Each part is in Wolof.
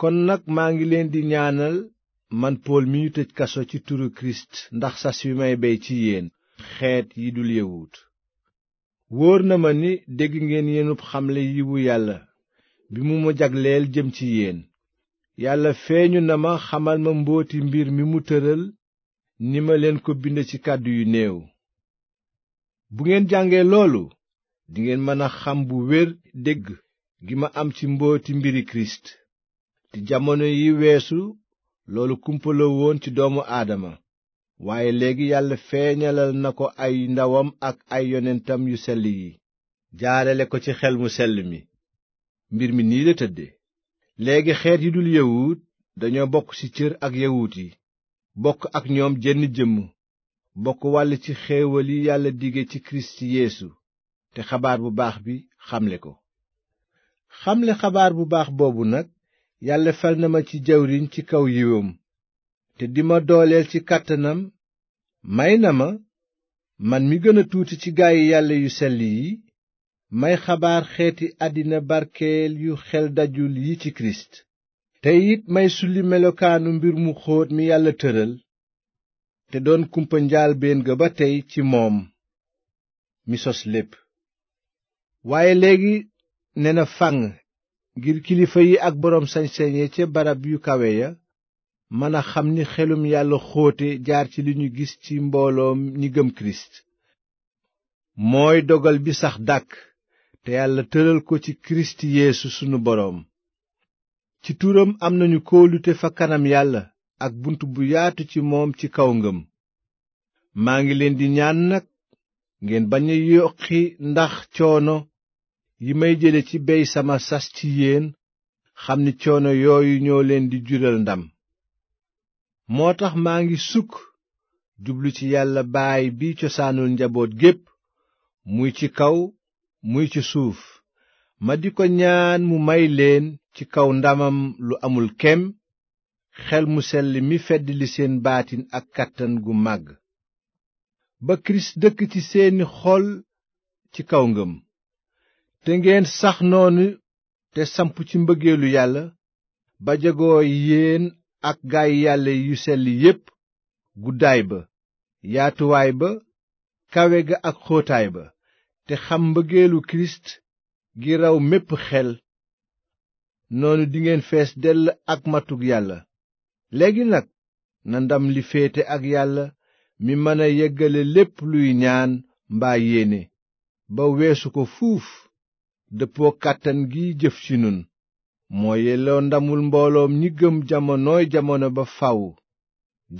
kon nag maa ngi leen di ñaanal man pool mi ñu tëj kaso ci turu kirist ndax sas wi may bey ci yéen xeet yi dul yawut wóor na ma ni dégg ngeen yenub xamle yiwu yàlla bi mu ma jagleel jëm ci yéen yàlla feeñu na ma xamal ma mbooti mbir mi mu tëral ni ma leen ko bind ci kàddu yu néew bu ngeen jàngee loolu dingeen mën a xam bu wér dégg gi ma am ci mbooti mbiri kirist te jamono yi weesu loolu kumpa woon ci doomu aadama waaye léegi yàlla feeñalal na ko ay ndawam ak ay yonentam yu sell yi jaarale ko ci xel mu sell mi mbir mi nii la tëdde léegi xeet yi dul yawut dañoo bokk ci cër ak yawut yi bokk ak ñoom jenn jëm bokk wàll ci xéewal yi yàlla digge ci kirist yéesu te xabaar bu baax bi xamle ko xamle xabaar bu baax boobu nag yàlla fal na ma ci jawriñ ci kaw yiwam te di ma dooleel ci kàttanam may na ma man mi gën a tuuti ci gaay yàlla yu sell yi may xabaar xeeti àddina barkeel yu xel dajul yi ci kirist te it may sulli melokaanu mbir mu xóot mi yàlla tëral te doon kumpa njaalbeen ga ba tey ci moom mi sos lépp fànn ngir kilifa yi ak boroom sañ-sañ ca barab yu kawe ya mën a xam ni xelum yàlla xóote jaar ci li ñu gis ci mbooloom ñi gëm kirist mooy dogal bi sax dàkk te yàlla tëral ko ci kirist yeesu sunu boroom ci turam am nañu kóolute fa kanam yàlla ak bunt bu yaatu ci moom ci kaw ngëm maa ngi leen di ñaan nag ngeen bañ a yoqi ndax coono yi may jële ci bey sama sas ci yéen xam ni coono yooyu ñoo leen di jural ndam moo tax maa ngi sukk jublu ci yàlla baay bi cosaanul njaboot gépp muy ci kaw muy ci suuf ma di ko ñaan mu may leen ci kaw ndamam lu amul kem xel mu sell mi fedd li seen baatin ak kàttan gu màgg ba kirist dëkk ci seeni xol ci kaw ngëm te ngeen sax noonu te samp ci mbëggeelu yàlla ba jegoo yéen ak gaay yàlla yu sell yépp guddaay ba yaatuwaay ba kawe ga ak xootaay ba te xam mbëggeelu kirist gi raw mépp xel noonu dingeen fees dell ak matuk yàlla léegi nag na ndam li féete ak yàlla mi mën a yeggale lépp luy ñaan mbaa yéene ba weesu ko fuuf dëppoo kàttan gi jëf ci nun moo yelloo ndamul mbooloom ñi gëm jamonooy jamono ba faw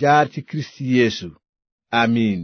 jaar ci kirist yéesu amiin